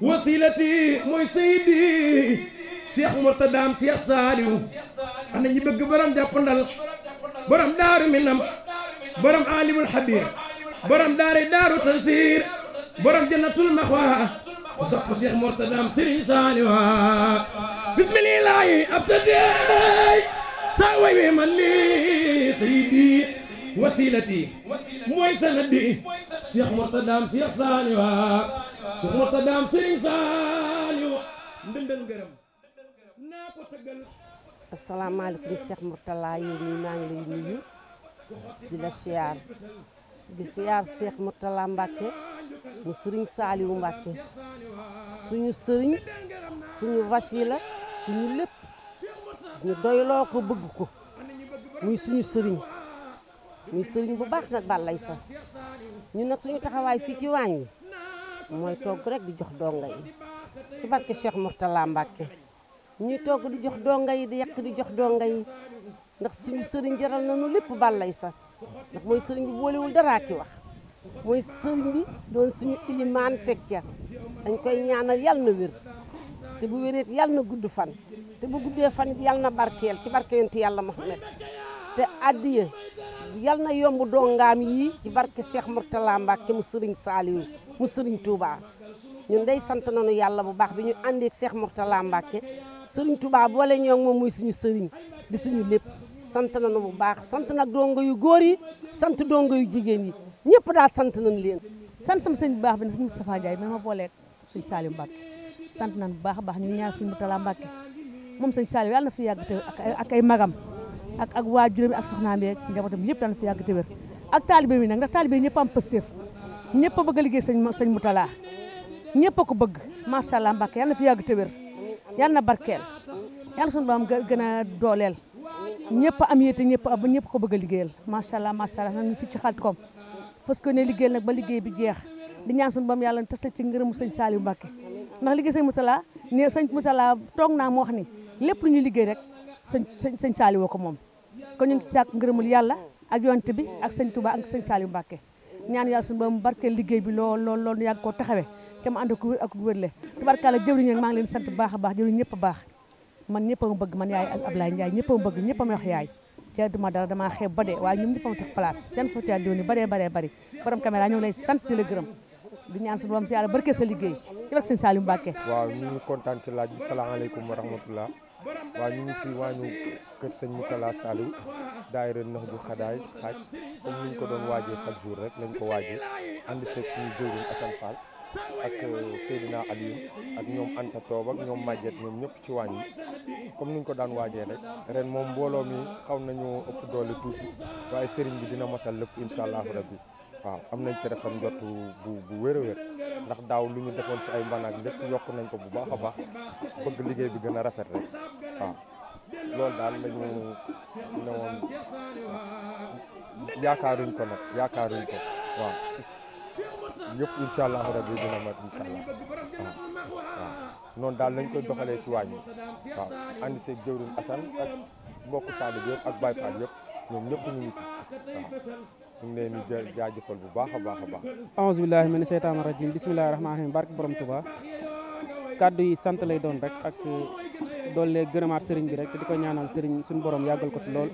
wasilati mooy sayidi cheikh murtadaam cheikh saaliw ana ñi bëgg borom jàppandal borom daaru minam borom alimul xabir borom daare daaru tansiir borom jannatul maxwa ku sopp cheikh murtadaam sëriñ saaliwa bismillahi abtadee saa way wi man li sayidi wasilati mooy sanadi Cheikh Mourtadaam Cheikh Saliou Cheikh Mourtadaam Serigne Saliou ndëndal ngërëm naa ko tëggal asalaamaaleykum Cheikh Mourtala yow mii ngi lay nuyu di la siyaar di siyaar Cheikh Mourtala Mbacke mu Serigne Saliou Mbacke suñu sëriñ suñu wasila suñu lépp ñu doyloo ko bëgg ko muy suñu sëriñ muy sëriñ bu baax nag bàllay sa ñu nag suñu taxawaay fii ci waañ yi mooy toog rek di jox donga yi ci barke Cheikh Mourtala Mbacke ñuy togg di jox donga yi di yàq di jox donga yi ndax suñu sëriñ jaral nañu lépp bàllay sa ndax mooy sëriñ bi boolewul daraa ki wax mooy sëriñ bi doon suñu ilimaan teg ca dañ koy ñaanal yàlla na wér te bu wéreet yal na gudd fan te bu guddee fan yàlla na barkeel ci barke yontu yàlla Muhammad te addiya yal na yomb dongaam yi ci barke Cheikh Mourtala Mbacke mu sëriñ Saliou mu sëriñ Touba ñun day sant nañu yàlla bu baax bi ñu àndeek Cheikh Mourtala Mbacke sëriñ Touba boole ñoo moom muy suñu sëriñ di suñu lépp sant nañu bu baax sant nag dongo yu góor yi sant dongo yu jigéen yi ñëpp daal sant nu leen. sant sama sëñ bu baax bi ne sëñ Moustapha Ndiaye ma booleeg sëñ Saliou Mbacke sant nañu bu baax a baax ñu ñaan sëñ Mourtala moom sëñ Saliou yàlla na fi yàgg te ak ay magam. ak ak waajuram ak soxnaam yeeg njabootam yëpp daan fi yàgg te wér ak taalibe mi nag ndax taalibe ñëpp am pësteef ñëpp a bëgg a liggéey sañ sëñ Moutala ñëpp a bëgg macha allah Mbàkke yàlla fi yàgg te wér yàlla na barkeel yàlla sunu gën a dooleel ñëpp am yéete ñëpp am ñëpp ko bëgg liggéeyal macha allah macha allah nañu fi ci Xelcom parce que ne liggéeyal nag ba liggéey bi jeex ñaan sunu borom yàlla tas la ci ngërëmu sëñ Saliou Mbàkke ndax liggéey sëñ Moutala ne sëñ Moutala toog naa moo wax ni lépp lu ñu liggéey rek sëñ sëñ Saliou ko moom kon ñu ngi ci sàkk ngërëmul yàlla ak yonte bi ak sëñ Touba ak sëñ Saliou Mbacke ñaan yàlla suñu bi lool lool lool yàgg koo ma bëgg man yaay ak Ablaye Ndiaye ñëpp a ma a ma wax yaay te ba dee ñëpp a ma teg place seen photo yaa dooni baree baree bari borom caméra ñoo ngi lay sant di la sa liggéey ñu ngi kontaan ci laaj bi salaamaaleykum wa rahmatullah waaw ñu ngi ci waañu kër sëñ Moutalla Saliou daayira nax bu xadaay xaaj comme ni ñu ko doon waajee chaque jour rek lañ ko waajee ànd seeg suñu jëwriñ Assane Fall ak euh, Seydina Aliou ak ñoom Anta Toob ñoom Màgget ñoom ñëpp ci waañ yi comme ni ñu ko daan waajee rek ren moom mbooloo mi xaw nañu ëpp doole tuuti waaye sëriñ bi dina matal lépp incha allahu rabbi waaw am nañ ci rafet njot bu bu ndax daaw lu ñu defoon ci ay mbanaak lépp yokk nañ ko bu baax a baax bëgg liggéey bi gën a rafet rek waaw loolu daal la ñu ne woon yaakaaruñ ko nag yaakaaruñ ko waaw yëpp incha allahu rabi dina mat incha allah waaw waaw daal lañ koy doxalee ci waañ bi waaw ànd seeg jëwriñ Assane ak mbokku taalib yëpp ak Baye Fall yëpp ñoom ñëpp ñu ngi ci waaw ñu ngi leen bu baax a baax a baax aouzu billahi mina seytaani rajim bismillahi rahmaani rahim barke borom Tuba kàddu yi sant lay doon rek ak uh, doole gërëmaat sëriñ bi rek di ko ñaanal sëriñ suñu borom yàggal ko fi lool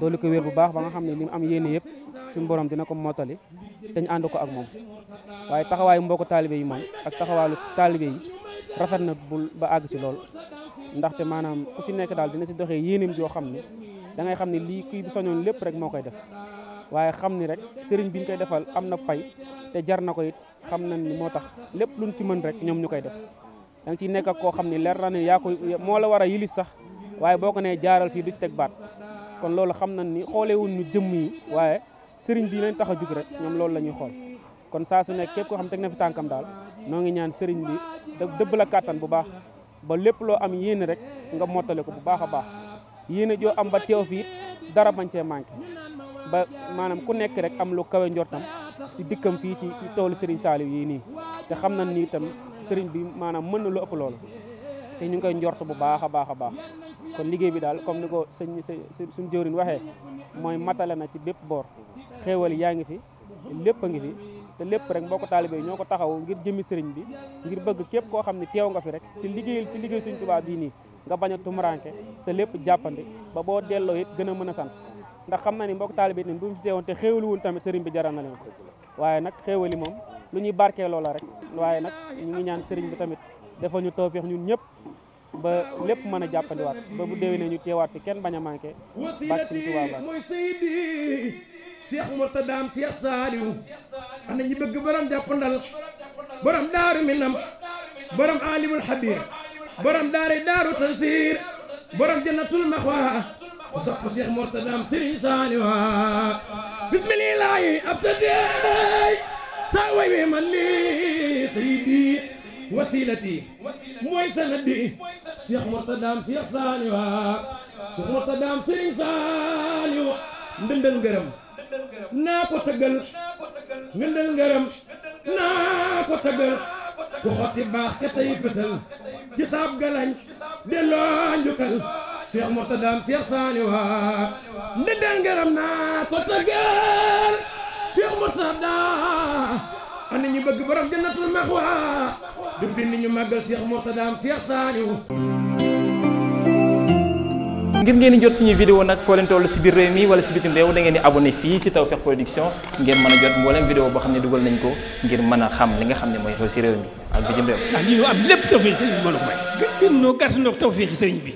doole ko wér bu baax ba nga xam ne li mu am yéene yëpp suñu borom dina ko mottali te ñu ànd ko ak moom waaye taxawaayu mboo ko taalibe yi moom ak taxawaalu taalibe yi rafet na bu ba àgg si lool ndaxte maanaam u si nekk daal dina si doxee yéeneem joo xam ne da ngay xam ne lii kii bi soñoon lépp rek moo koy def waaye xam ni rek sëriñ bi ñu koy defal am na pay te jar na ko it xam nañ ni moo tax lépp lu luñ ci mën rek ñoom ñu koy def da ciy nekk koo xam ni leer na yaa ko moo la war a yilis sax waaye boo ko nee jaaral fii du teg baat kon loolu xam nañ ni xooleewuñ ñu jëmm yi waaye sëriñ bii lañ tax a jug rek ñoom loolu la ñuy xool kon saa su nekk képp koo xam teg na fi tànkam daal noo ngi ñaan sëriñ bi dëbb la kàttan bu baax ba lépp loo am yéene rek nga mottale ko bu baax a baax yéene joo am ba teew fi dara bañ cee manqué ba maanaam ku nekk rek am lu kawe njortam si dikkam fii ci ci toolu Serigne Saliou yii nii te xam na ni itam sëriñ bi maanaam mën na lu ëpp loolu te ñu ngi koy njort bu baax a baax a baax kon liggéey bi daal comme ni ko sëñ suñ jëwriñ waxee mooy matale na ci bépp boor xéewal yaa ngi fi lépp a ngi fi te lépp rek mbokk taalibe yi ñoo ko taxaw ngir jëmi sëriñ bi ngir bëgg képp koo xam ne teew nga fi rek si liggéeyal si liggéey suñ tubaab bii nii nga bañ a tumuranke sa lépp jàppandi ba boo delloo gën a mën a sant ndax xam na ni mbokk taalibe ni bu ñu fi teewoon te xéewali woon tamit sëriñ bi jaral na leen waaye nag xéewali moom lu ñuy barkee loola rek waaye nag ñu ngi ñaan sëriñ bi tamit dafa ñu tawfeex ñun ñëpp ba lépp mën a jàppandiwaat ba mu déwénee ñu teewaat bi kenn bañ a manqué bàcc suñ tubaa baax mooy sayidi cheikh murtadaam cheikh saaliw ana ñi bëgg borom jàppandal borom daaru minam borom alimul xabir borom daare daaru tansiir borom jannatul maxwa bu sopp Cheikh Mourtadaam Serigne Saliou bismillaahi abtaday saa way wi man lii sayyidi wasilati mooy sanadi Cheikh Mourtadaam Cheikh Saliou Cheikh Mourtadaam Serigne Saliou ndëndal ngërëm naa ko tëggal ndëndal ngërëm naa ko tëggal ku xotti baax ka tey fësal ci saab galañ delloo njukkal Cheikh Mourtada Cheikh Saliou ndëndal ngërëm naa ko tëggal Cheikh Mourtada ana ñu bëgg borom jannatul maxwa du ñu màggal Cheikh Mourtada Cheikh Saliou ngir ngeen di jot suñu vidéo nag foo leen toll si biir réew mi wala si bitim réew da ngeen di abonné fii si Tawfekh Production ngeen mën a jot mboolem vidéo boo xam ne dugal nañ ko ngir mën a xam li nga xam ne mooy xew si réew mi ak bitim réew. ndax ah, lii ñu am lépp Tawfekh sëriñ bi mën may. bi.